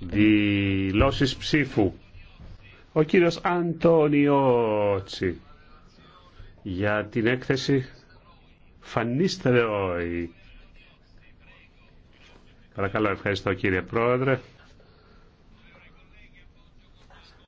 Δηλώσει ψήφου. Ο κύριος Τσι για την έκθεση Φανίστεροι. Παρακαλώ, ευχαριστώ κύριε Πρόεδρε.